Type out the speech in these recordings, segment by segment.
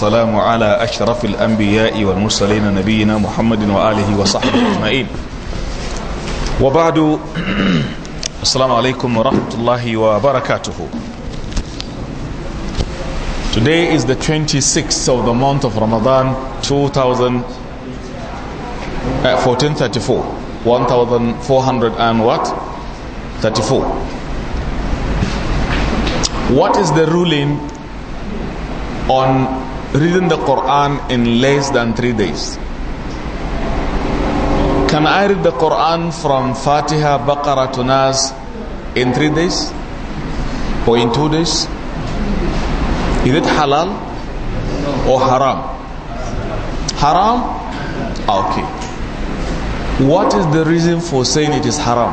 والسلام على أشرف الأنبياء والمرسلين نبينا محمد وآله وصحبه أجمعين وبعد السلام عليكم ورحمة الله وبركاته Today is the 26th of the month of Ramadan 1434 1400 uh, and what 34 What is the ruling on reading the Quran in less than three days. Can I read the Quran from Fatiha, Baqarah to Nas in three days? Or in two days? Is it halal or haram? Haram? Ah, okay. What is the reason for saying it is haram?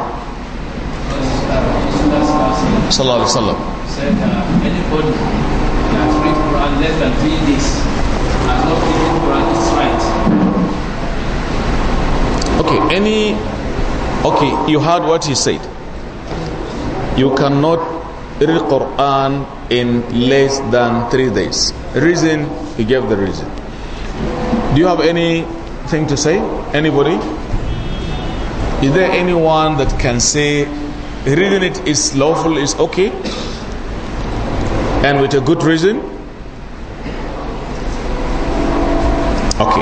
Sallallahu Alaihi anybody in less than three days not given Quran its right. Okay, any. Okay, you heard what he said. You cannot read Quran in less than three days. Reason, he gave the reason. Do you have anything to say? Anybody? Is there anyone that can say reading it is lawful, is okay? And with a good reason? Okay.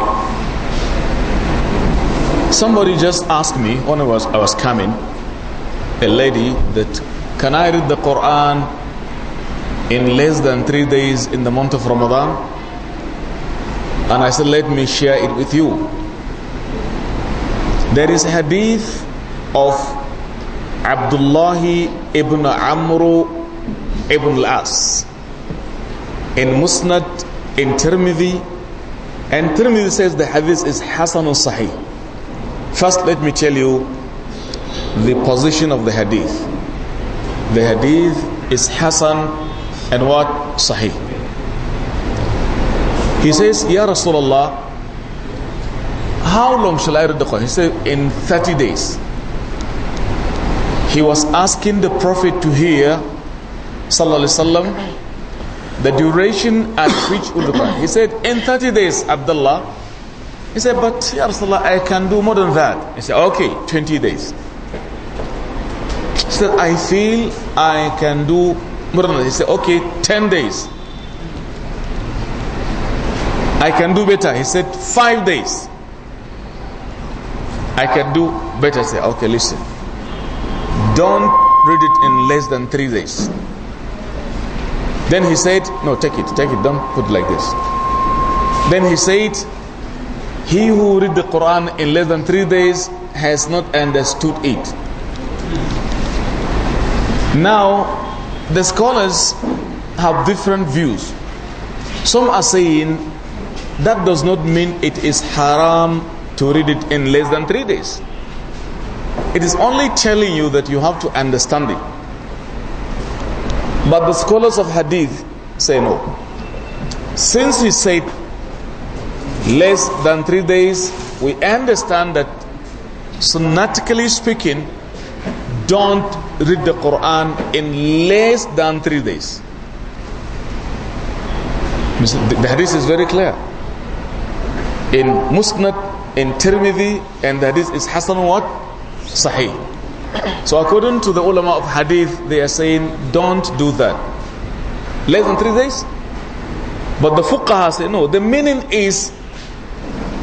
Somebody just asked me when I was I was coming, a lady that can I read the Quran in less than three days in the month of Ramadan? And I said, let me share it with you. There is a hadith of Abdullah ibn Amr ibn al-As in Musnad, in Tirmidhi, and Tirmidhi says the hadith is Hasan Sahih. First, let me tell you the position of the hadith. The hadith is Hasan and what? Sahih. He says, Ya Rasulullah, how long shall I read the Quran? He said, in 30 days. He was asking the Prophet to hear, Sallallahu Alaihi Wasallam, the duration at which Udba. He said, in 30 days, Abdullah. He said, but Ya Rasulullah, I can do more than that. He said, okay, 20 days. He said, I feel I can do more than that. He said, okay, 10 days. I can do better. He said, five days. I can do better. He said, okay, listen. Don't read it in less than three days. Then he said, no, take it, take it, don't put it like this. Then he said, he who read the Quran in less than three days has not understood it. Now, the scholars have different views. Some are saying that does not mean it is haram to read it in less than three days. It is only telling you that you have to understand it. But the scholars of hadith say no. Since he said less than three days, we understand that sunnatically speaking, don't read the Quran in less than three days. The hadith is very clear. In Musnad, in Tirmidhi, and the hadith is Hasan what? Sahih. So according to the ulama of hadith, they are saying, don't do that. Less than three days? But the fuqaha say, no, the meaning is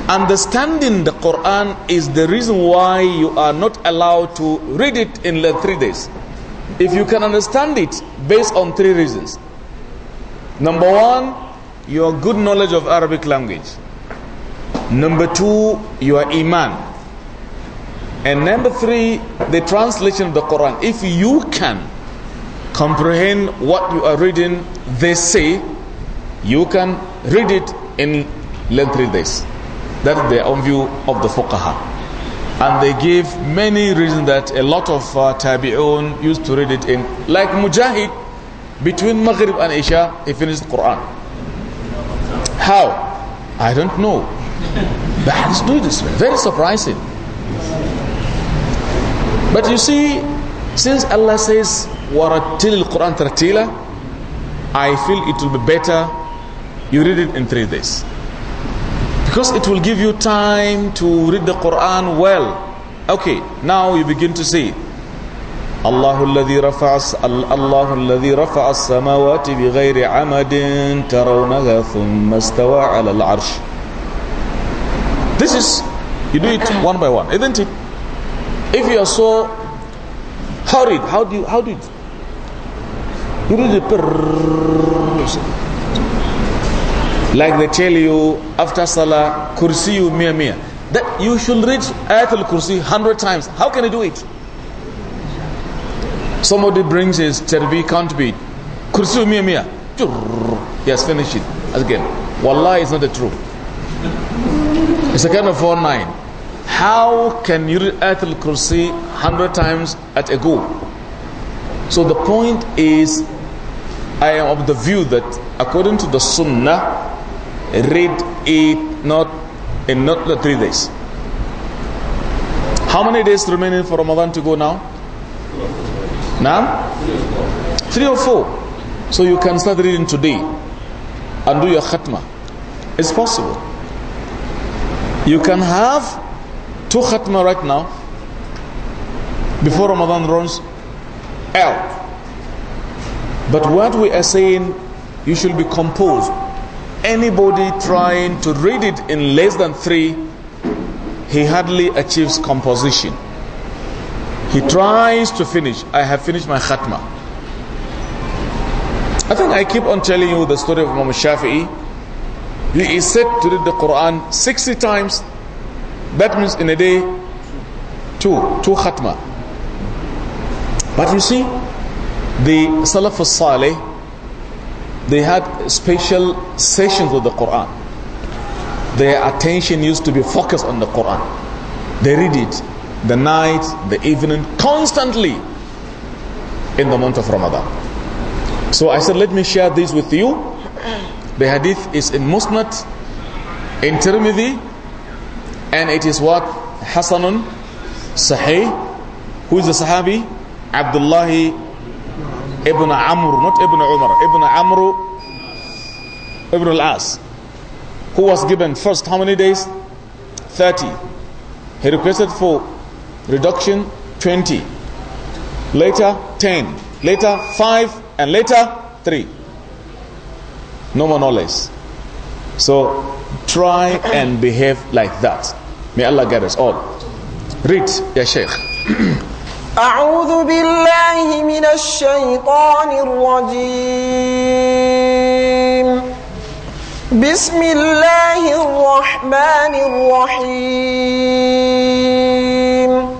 understanding the Quran is the reason why you are not allowed to read it in less three days. If you can understand it based on three reasons. Number one, your good knowledge of Arabic language. Number two, your iman. And number three, the translation of the Quran. If you can comprehend what you are reading, they say you can read it in three days. That's their own view of the Fuqaha. And they give many reasons that a lot of uh, Tabi'un used to read it in. Like Mujahid, between Maghrib and Isha, he finished the Quran. How? I don't know. The hadith do this Very surprising. But you see, since Allah says, وَرَتِّلِ الْقُرْآنِ تَرْتِيلًا I feel it will be better you read it in three days. Because it will give you time to read the Quran well. Okay, now you begin to see. الله الذي rafas الله الذي رفع samawati بغير amadin ترونها ثم استوى al العرش This is you do it one by one, isn't it? If you are so hurried, how do you how do you you do the prrrr. like they tell you after salah kursi you mia mia that you should read ayatul kursi 100 times how can you do it somebody brings his terbi can't beat kursi mia mia he has finished it again wallah is not the truth it's a kind of 4-9 how can you read Ayatul Kursi 100 times at a go? So the point is, I am of the view that according to the Sunnah, read it not in not the three days. How many days remaining for Ramadan to go now? Now? Three or four. So you can start reading today and do your khatma. It's possible. You can have two khatma right now before Ramadan runs out. But what we are saying, you should be composed. Anybody trying to read it in less than three, he hardly achieves composition. He tries to finish. I have finished my khatma. I think I keep on telling you the story of Imam Shafi'i. He is said to read the Quran 60 times that means in a day, two, two khatma. But you see, the Salaf al-Saleh, they had special sessions with the Quran. Their attention used to be focused on the Quran. They read it the night, the evening, constantly in the month of Ramadan. So I said, let me share this with you. The hadith is in Musnad, in Tirmidhi, and it is what? Hassanun Sahih. Who is the Sahabi? Abdullah ibn Amr, not ibn Umar, ibn Amr ibn al-As. Who was given first how many days? 30. He requested for reduction 20. Later 10. Later 5. And later 3. No more, no less. So try and behave like that. May Allah guide us all. Read, Ya Sheikh. أعوذ بالله من الشيطان الرجيم بسم الله الرحمن الرحيم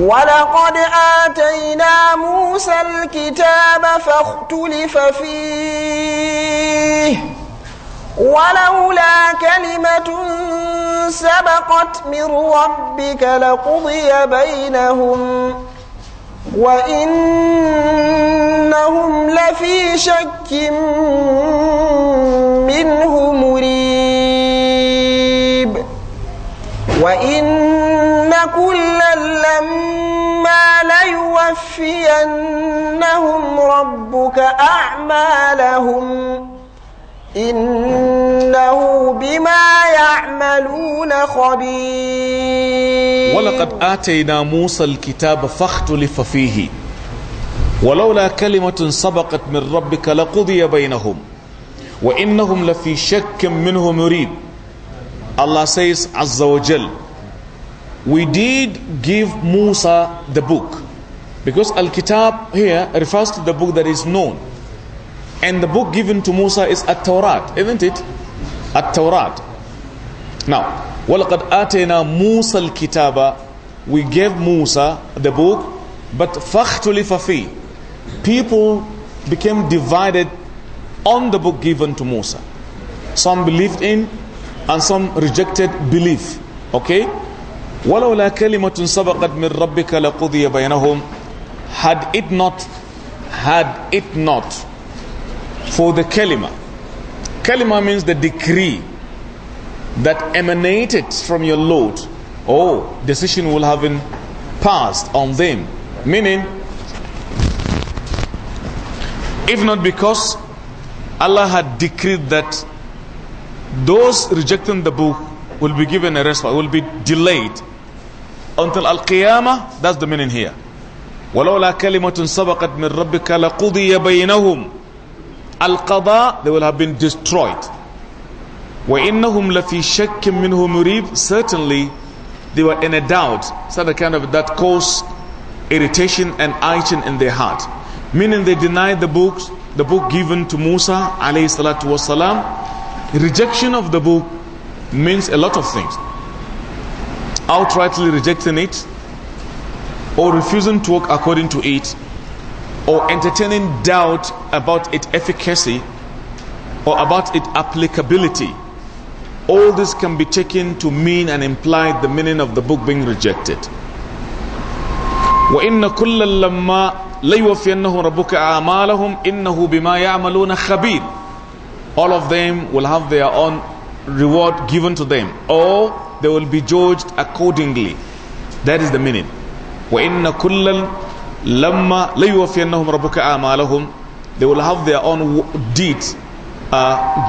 ولقد آتينا موسى الكتاب فاختلف فيه ولولا كلمة سبقت من ربك لقضي بينهم وإنهم لفي شك منه مريب وإن كلا لما ليوفينهم ربك أعمالهم إنه بما يعملون خبير ولقد آتينا موسى الكتاب فاختلف فيه ولولا كلمة سبقت من ربك لقضي بينهم وإنهم لفي شك منه مريب الله says عز وجل We did give Musa the book Because Al-Kitab here refers to the book that is known And the book given to Musa is At-Tawrat, isn't it? At-Tawrat Now, Walaqad atayna Musa al-kitaba. We gave Musa the book, but فَاخْتُلِفَ فِي People became divided on the book given to Musa. Some believed in and some rejected belief. Okay? وَلَوْلَا كَلِمَةٌ سَبَقَتْ مِنْ رَبِّكَ لَقُضِيَ baynahum. Had it not, had it not, for the kalima. Kalima means the decree that emanated from your Lord, oh, decision will have been passed on them. Meaning, if not because Allah had decreed that those rejecting the book will be given a respite, will be delayed until Al-Qiyamah. That's the meaning here. ولولا كلمة سبقت من ربك لقضي بينهم القضاء they will have been destroyed وَإِنَّهُمْ لَفِي شَكٍّ minhu مُرِيبٍ Certainly, they were in a doubt. So the kind of that caused irritation and itching in their heart. Meaning they denied the books, the book given to Musa alayhi salatu wasalam. Rejection of the book means a lot of things. Outrightly rejecting it, or refusing to work according to it, or entertaining doubt about its efficacy, or about its applicability all this can be taken to mean and imply the meaning of the book being rejected. All of them will have their own reward given to them or they will be judged accordingly. That is the meaning. They will have their own deeds uh,